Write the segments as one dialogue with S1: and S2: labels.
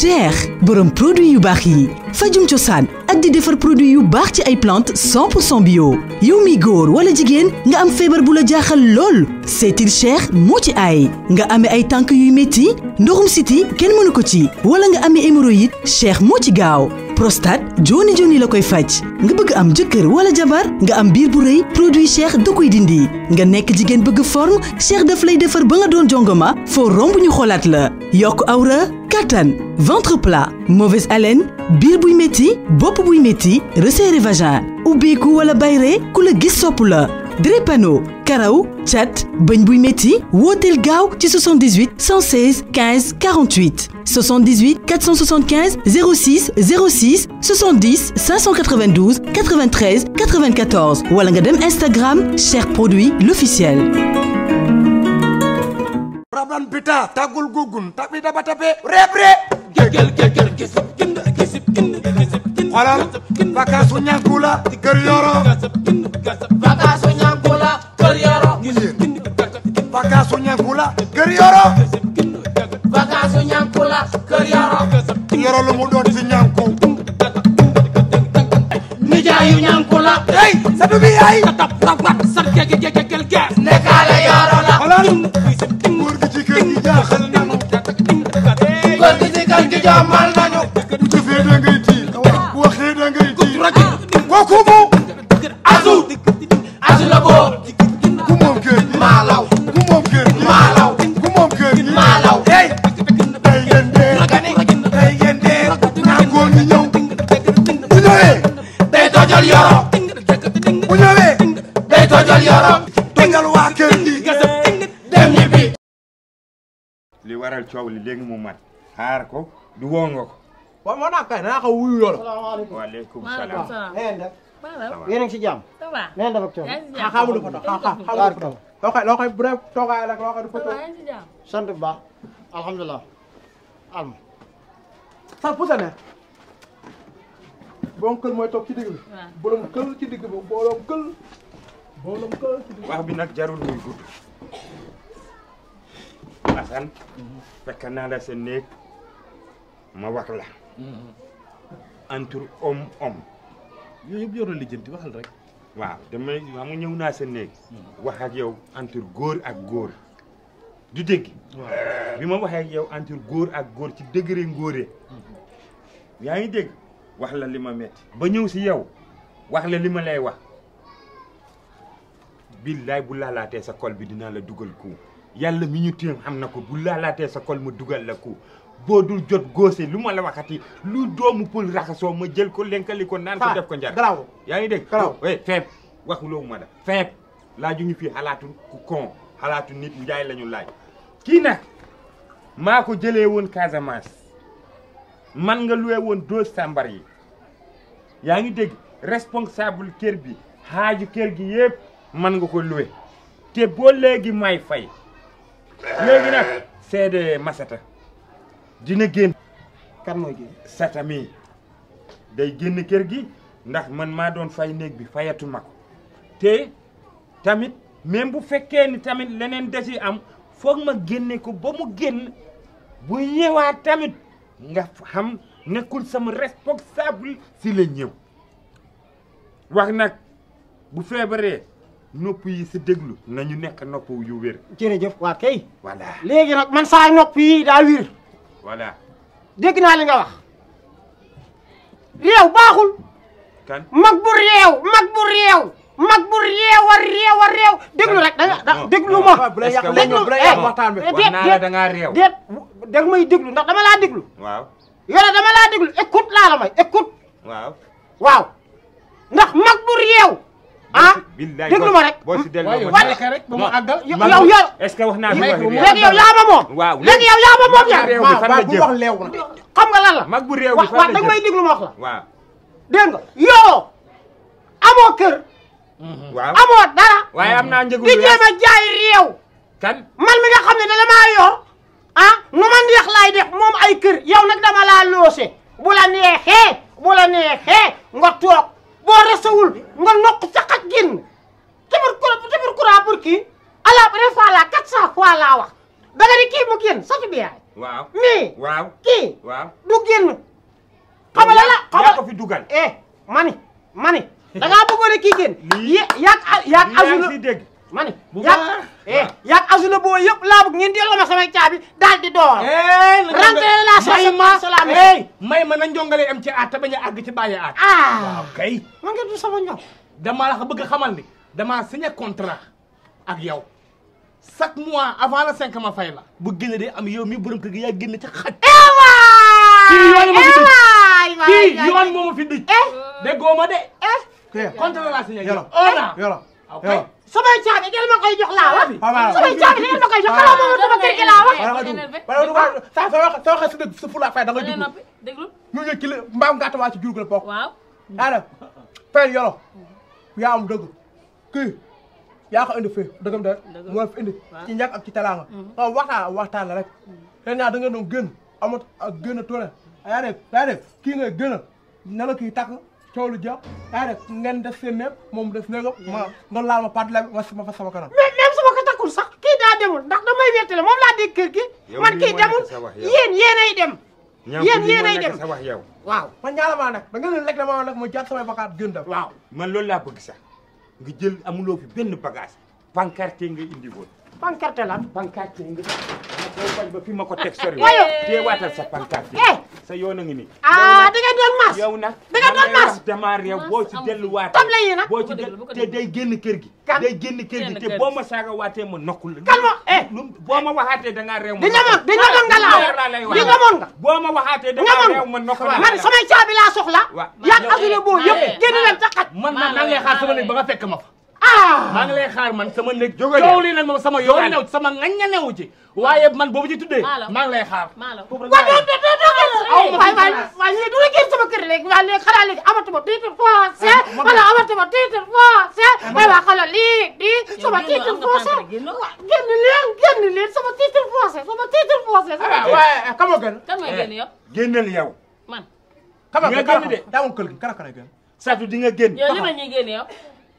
S1: cher pour un produit yu bax yi fajum ciosan ak di defar produit yu bax ci ay plantes 100% bio yu mi gor wala jigen nga am fever bu la jaxal lol c'est il cher mo ci ay nga amé ay tank yu metti ndoxum city ken mënu ko ci wala nga amé hémorroïde cher mo ci gaaw prostate jooni jooni la koy faj nga bëgg am jëkkër wala jabar nga am biir bu rëy produit Cheikh da koy dindi nga nekk jigéen bëgg forme Cheikh daf lay defar ba nga doon jongoma foo romb ñu xoolaat la yokk awra kattan ventre plat mauvaise haleine biir buy métti bopp buy métti resserré vagin ubbeeku wala bayre ku la gis sopp la drépano karaw Chat, chat buy métti ci 78 116 15 48 78 475 06 06 70 592 93 94 wala Instagram Cher
S2: Produit l'officiel.
S1: vacances su Ñankula kër Yoro. vacances su Ñankula kër Yoro. Yoro lu mu doon si Ñanku.
S2: nijaayu Ñankula. hey satu bi ay. nekkaale Yoro la. xoolal góor gi ci kër gi jaaxal nañu. góor gi ci kër gi jaamal nañu. bu jëfee da ngay tii. waxee da ngay tii. kooku mu. asu asu la boo.
S1: li waral coow li léegi mu mat xaar ko du woo
S2: ko moo naa kay naa ko wuyu loolu
S1: salaamaaleykum salaam
S2: yéen a ngi si jàmm nee na ak coow xaa xaamul photo xaa xaamul photo
S1: loo koy sant bu baax alhamdulilah alma sa pusa ne kël mooy toog ci digg kël wax bi nag jarul muy gudd Assane fekk naa la sa néeg ma wax la entre homme homme yooyu yëpp yor na lijjanti waxal rek waaw damay waaw mu ñëw naa sa néeg wax ak yow entre góor ak góor du dégg bi ma waxee ak yow entre góor ak góor ci degré ngóore yaa ngi dégg wax la ba ñëw si yow wax la li ma lay wax billaay bu laalaatee sa kol bi dinaa la dugal ko yàlla mi ñu tiim na ko bu laalaatee sa kol ma dugal la ko boo dul jot góose lu ma la waxati lu doomu pël raxasoo ma jël ko lenkali ko naan ko def ko njar yaa ngi dégg garaaw eh, feeb waxuloowu ma da feeb laaju ñu fii xalaatu ku kon xalaatu nit njaay lañu laaj kii nag maa ko jëlee woon Casamance man nga luwee woon dose sàmbar yi yaa ngi dégg responsable kër bi xaaju kër gi yëpp man nga ko loué te boo léegi may fay léegi nag seede masata dina génn kan mooy génn day génn kër gi ndax man maa doon fay néeg bi fayatu ma ko te tamit même bu fekkee ni tamit leneen da ci am foog ma génne ko ba mu génn bu ñëwaat tamit nga xam nekkul sama responsable si la ñëw wax nag bu feebaree nopp yi si déglu nañu nekk nopp yu wér jërëjëf waa kay voilà léegi nag man saa nopp yi daa wér voilà
S2: dégg naa li nga wax réew baaxul kan mag bu réew mag bu réew mag bu réew a réew a réew déglu rek danga déglu ma déglu eh, eh, dangaa réew déet danga may déglu ndax dama laa déglu waaw yore dama laa déglu écoute laa la may waaw waaw mag bu déglu ma rek. ma rek ba mu àggal. yow yow
S1: est-ce que wax naa fi léegi yow yaa ma moom. waaw léegi yow yaa ma moom yaa. waaw bu wax
S2: leew na xam nga lan la. mag bu réew mi fan la jëm waaw da nga may déglu ma wax la. waaw dégg nga yow amoo kër. waaw amoo a jaay man mi nga xam ne ah, moom ay kër yow nag dama laa loose bu la neexee bu la neexee nga boo resewul nga nokk saqat génn tëbër ku tëbër kuraa pour kii ala bëre fois la quatre cent fois laa wax da nga ne kii mu génn satu bi yaay waaw mais waaw kii waaw du génn xamala la xamal eh, mani mani da ngaa bëggoon a kii génn yàq yàq azul mani yàq aduna bo yep la bu ngeen di yalla ma sama ciabi dal di dool rentre la sama salama hey may ma na ndongale am ci atta baña ag ci baye at waaw kay ma ngeen du sama ñok dama la bëgg xamal ni dama signé contrat ak yow chaque mois avant la 5 ma fay la bu gëna de am yow mi borom ko ya gëna ci xat ewa ci yoon mo fi dëj dëggoma de contrat la signé yalla yalla yalla samay caabi caabi ngeen ma ma sama kër gi laa wax. wala wala
S1: saa soo sa dëgg sa fulla fay da nga dugg. déglu ñu ne kii mbaam gàtt waa ci jur gi la bokk. waaw
S2: daanaka yaa
S1: am dëgg kii yaa ko indi fii dëggam de moo fi indi ci ñàkk ak ci talaanga. waaw waxtaan waxtaan la rek. xëy na da nga doon génn amut yaa dégg yaa kii nga génn na la kii takk.
S2: coow lu jàpp yaa def ngeen def seen moom def néegam ma nga laal ma paat la ma sama fa sama kanam mais même sama ko takkul sax kii daa demul ndax damay wettale moom laa dégg kër gi man kii demul yéen yéenay dem yéen yéenay dem sa wax yow waaw man ñaalamaa nag da nga leen rek dama
S1: nag ma jàpp samay bakaat gën dem waaw man loolu laa bëgg sax nga jël amuloo fi benn bagage pancarte nga indi woon pancarte lan. pancarte yi ba fi ma ko teg sori. waaw teewaatal sa pancarte. Eh. sa yoon a ngi nii. ah da nga mas. yow nag mas boo ci delluwaatee. table yi nag boo ci te day génn kër gi. génn kër gi te boo
S2: saaga waatee ma nokkul. calme eh boo ma waxaatee da ngaa réew ma. di nga moon di nga moon nga laaw di nga moon nga. boo ma waxaatee da ngaa réew ma nokkul. man samay caabi laa boo yëpp génn leen taxat. man man nan lay xaar sama nekk ba nga fekk ma ah maa ngi xaar man sama nekk. jóge coow lii nag moom sama yoon new sama ngañña newu ci. waaye man boobu ci tuddee. maa ngi lay xaar. maa la waaw waaw waaw waaw waaw ñu du la génn sama kër léegi waaw léegi xanaa léegi amatuma titre foncier wala amatuma titre foncier waaw xanaa lii di sama titre foncier génn sama titre foncier sama kama gën. kan mooy génn yow. génneel yow. man. kama a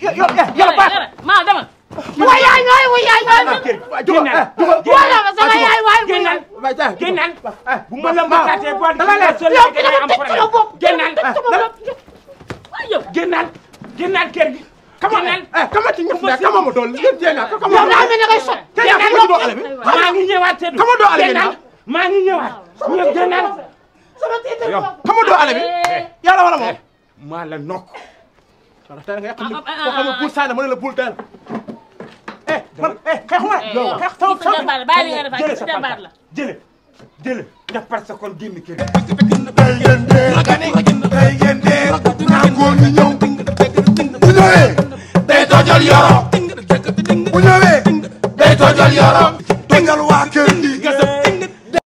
S2: yo yo yo ma dama wa yaay waay wa yaay
S1: waay wala ma sama yaay waay gennal gennal
S2: bu ma la mbaatee bo dama la sol dama am problème gennal yow gennal gennal kër gi kama kama ci ñëf na kama mo dool ñëf jeena ko kama yow daa mel ne ngay sot gennal do ale bi maa ngi
S1: ñëwaat te du kama do ale bi maa ngi ñëwaat ñëf gennal
S2: sama tété kama do ale bi
S1: yàlla wala moom maa la nokk soxna Talla nga yàq li boo xam ne buul Sane mën na la buul Talla. eh man eh xeexuma la. xeex sama sama ci jàmbaar la jële jële. def par sa kon génn kër gi. tey ngeen dee tey ngeen dee nangoo ñu ñëw bu
S2: ñëwee day tojol yoro bu